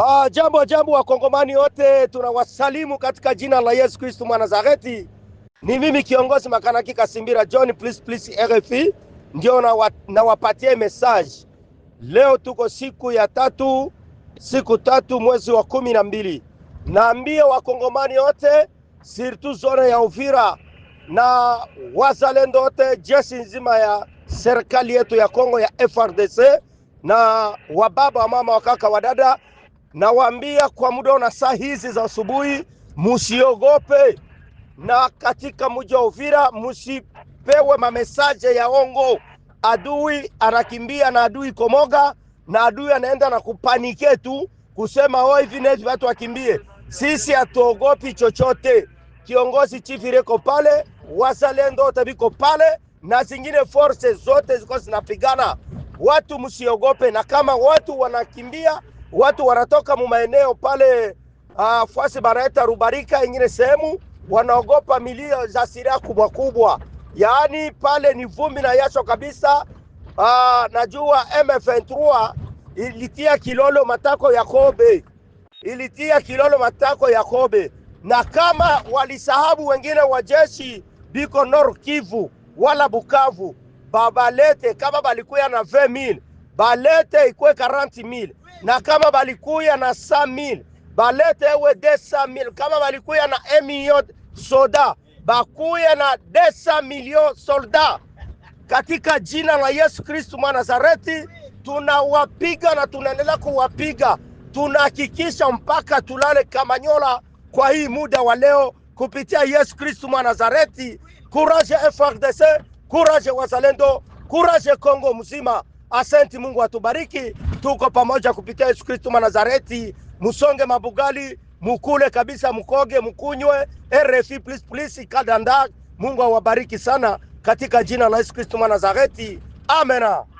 Uh, jambo jambo, wakongomani wote tunawasalimu katika jina la Yesu Kristu nazareti Ni mimi kiongozi Makanaki Kasimbira John, please please RFI ndio nawapatie na message leo. Tuko siku ya tatu, siku tatu mwezi wa kumi na mbili. Naambie wakongomani wote sirtu zone ya Uvira na wazalendo wote, jeshi nzima ya serikali yetu ya Kongo ya FRDC na wababa wa mama wakaka wadada Nawaambia kwa muda na saa hizi za asubuhi, msiogope na katika mji wa Uvira msipewe mamesaje ya ongo. Adui anakimbia na adui komoga, na adui anaenda na kupanike tu kusema oh, hivi na hivi, watu wakimbie. Sisi hatuogopi chochote. Kiongozi chifu reko pale, wazalendo wote viko pale, na zingine forces zote ziko zinapigana. Watu msiogope, na kama watu wanakimbia watu wanatoka mumaeneo pale uh, ah, fwasi banaeta Rubarika, ingine sehemu wanaogopa milio za siria kubwa kubwa, yaani pale ni vumbi na yasho kabisa. Uh, najua m 3 ilitia kilolo matako ya Kobe, ilitia kilolo matako ya Kobe, na kama walisahabu wengine wa jeshi biko nor Kivu wala Bukavu, babalete kama balikuya na 20000 balete ikwe 40000 na kama balikuya na 100000 balete ewe 200000 kama balikuya na 1 soda bakuya na 200 milioni solda katika jina la Yesu kristu mwa Nazareti, tunawapiga na tunaendelea kuwapiga, tunahakikisha mpaka tulale Kamanyola kwa hii muda wa leo, kupitia Yesu kristu mwa Nazareti. Kuraje FRDC kuraje wazalendo, kuraje Kongo mzima. Asante, Mungu atubariki. Tuko pamoja kupitia Yesu Kristo Manazareti. Musonge mabugali, mukule kabisa, mukoge, mukunywe. RFI please please kadanda. Mungu awabariki sana katika jina la Yesu Kristo Manazareti. Amena.